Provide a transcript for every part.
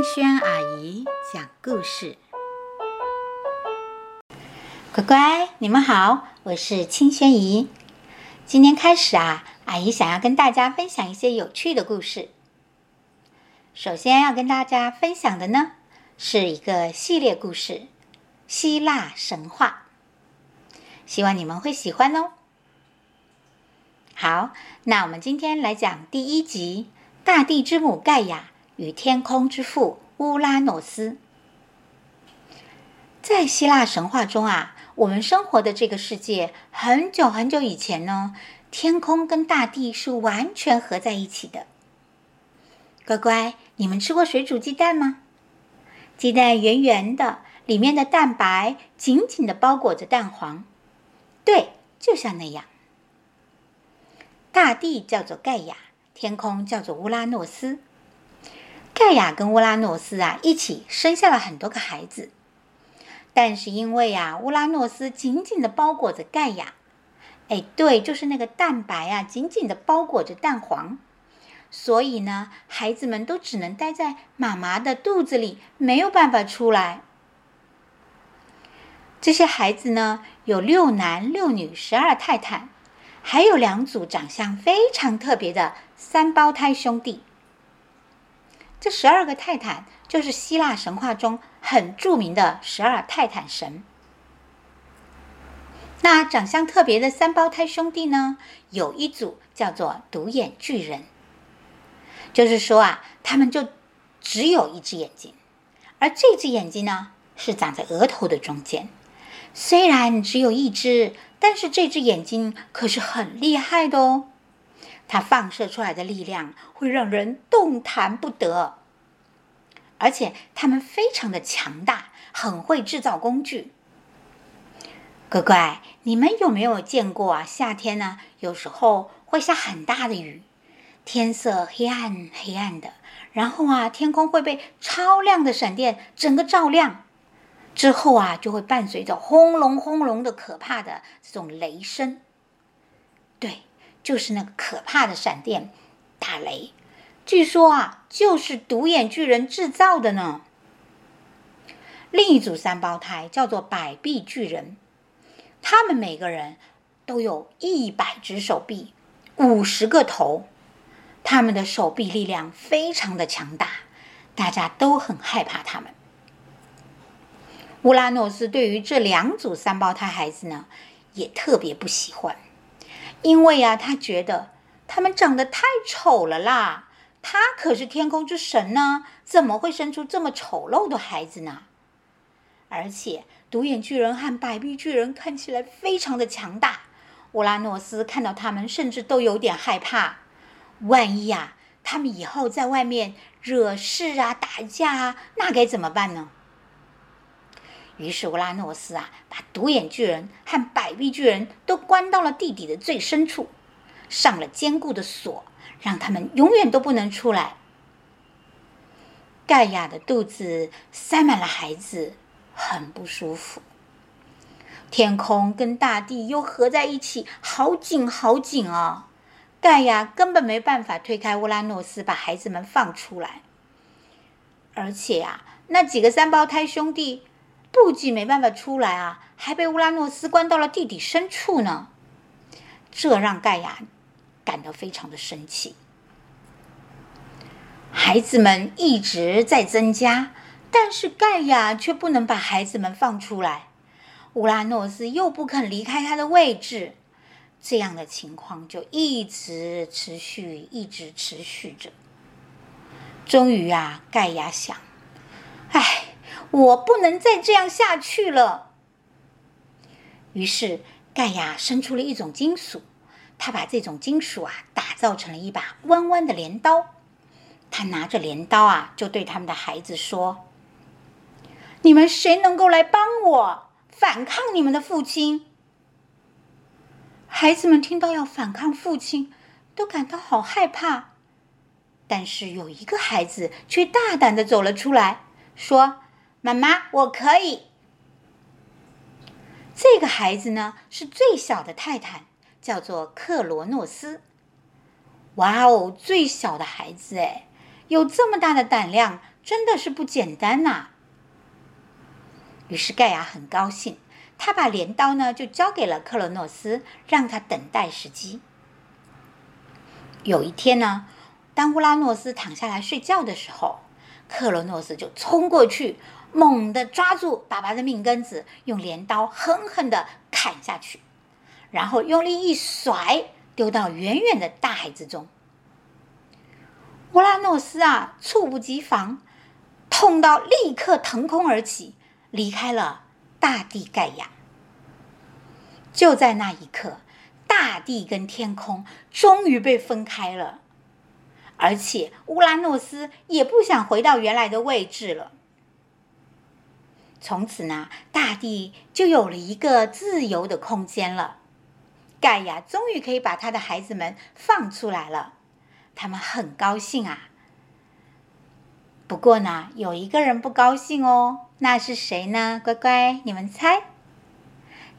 青萱阿姨講故事，乖乖，你們好，我是青萱阿姨。今天開始啊，阿姨想要跟大家分享一些有趣的故事。首先要跟大家分享的呢，是一個系列故事——希臘神話，希望你們會喜歡哦。好，那我們今天來講第一集《大地之母蓋亞》。與天空之父烏拉諾斯。在希臘神話中啊，我們生活的這個世界很久很久以前呢，天空跟大地是完全合在一起的。乖乖，你們吃過水煮雞蛋嗎？雞蛋圓圓的，裡面的蛋白緊緊的包裹着蛋黃。對，就像那樣。大地叫做蓋亞，天空叫做烏拉諾斯。蓋亞跟烏拉諾斯啊，一起生下了很多個孩子，但是因為呀、啊，烏拉諾斯緊緊的包裹着蓋亞，哎，對，就是那個蛋白啊緊緊的包裹着蛋黃，所以呢，孩子們都只能待在媽媽的肚子裡，沒有辦法出來。這些孩子呢，有六男六女十二泰坦，還有兩組長相非常特別的三胞胎兄弟。這十二個泰坦就是希臘神話中很著名的十二泰坦神。那長相特別的三胞胎兄弟呢？有一組叫做獨眼巨人。就是說啊，他們就只有一隻眼睛，而這隻眼睛呢，是長在額頭的中間。雖然只有一隻，但是這隻眼睛可是很厲害的哦。它放射出來的力量會讓人動彈不得，而且它們非常的強大，很會制造工具。乖乖，你們有沒有見過啊？夏天呢、啊，有時候會下很大的雨，天色黑暗黑暗的，然後啊，天空會被超亮的閃電整個照亮，之後啊，就會伴隨着轟隆轟隆的可怕的這種雷聲。對。就是那個可怕的閃電、打雷，據說啊，就是獨眼巨人製造的呢。另一組三胞胎叫做百臂巨人，他們每個人都有一百隻手臂、五十個頭，他們的手臂力量非常的強大，大家都很害怕他們。烏拉諾斯對於這兩組三胞胎孩子呢，也特別不喜歡。因為呀、啊，他覺得他們長得太醜了啦。他可是天空之神呢、啊，怎麼會生出這麼醜陋的孩子呢？而且，獨眼巨人和百臂巨人看起來非常的強大。烏拉諾斯看到他們，甚至都有點害怕。萬一呀、啊，他們以後在外面惹事啊、打架啊，那該怎麼辦呢？於是烏拉諾斯啊，把獨眼巨人和百臂巨人都關到了地底的最深處，上了堅固的鎖，讓他們永遠都不能出來。蓋亞的肚子塞滿了孩子，很不舒服。天空跟大地又合在一起，好緊好緊啊！蓋亞根本沒辦法推開烏拉諾斯，把孩子們放出來。而且呀，那幾個三胞胎兄弟。不僅沒辦法出來啊，還被烏拉諾斯關到了地底深處呢。這讓蓋亞感到非常的生氣。孩子們一直在增加，但是蓋亞卻不能把孩子們放出來。烏拉諾斯又不肯離開他的位置，這樣的情況就一直持續，一直持續着。終於啊，蓋亞想，我不能再這樣下去了。於是，蓋亞生出了一種金屬，他把這種金屬啊打造成了一把彎彎的鐮刀。他拿着鐮刀啊，就對他們的孩子說：“你們誰能夠來幫我反抗你們的父親？”孩子們聽到要反抗父親，都感到好害怕。但是有一個孩子卻大膽的走了出來，說。媽媽，我可以。這個孩子呢，是最小的泰坦，叫做克羅諾斯。哇哦，最小的孩子哎，有這麼大的膽量，真的是不簡單吶、啊。於是蓋亞很高興，他把鐮刀呢就交給了克羅諾斯，讓他等待時機。有一天呢，當烏拉諾斯躺下來睡覺的時候，克羅諾斯就衝過去。猛地抓住爸爸的命根子，用鐮刀狠狠地砍下去，然後用力一甩，丟到遠遠的大海之中。烏拉諾斯啊，猝不及防，痛到立刻騰空而起，離開了大地蓋亞。就在那一刻，大地跟天空終於被分開了，而且烏拉諾斯也不想回到原來的位置了。從此呢，大地就有了一個自由的空間了。蓋亞終於可以把他的孩子們放出來了，他們很高興啊。不過呢，有一個人不高興哦，那是誰呢？乖乖，你們猜？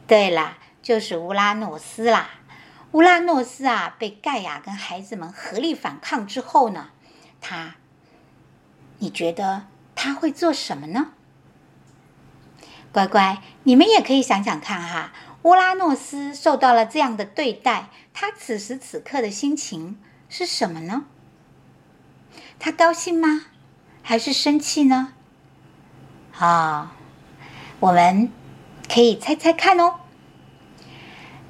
對了，就是烏拉諾斯啦。烏拉諾斯啊，被蓋亞跟孩子們合力反抗之後呢，他，你覺得他會做什麼呢？乖乖，你們也可以想想看哈，烏拉諾斯受到了這樣的對待，他此時此刻的心情是什麼呢？他高興嗎？還是生氣呢？啊、哦，我們可以猜猜看哦。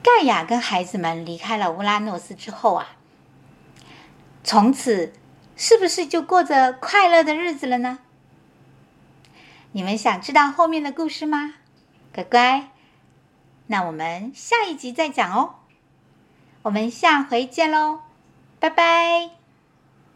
蓋亞跟孩子們離開了烏拉諾斯之後啊，從此是不是就過着快樂的日子了呢？你們想知道後面的故事嗎？乖乖，那我們下一集再講哦。我們下回見嘍，拜拜。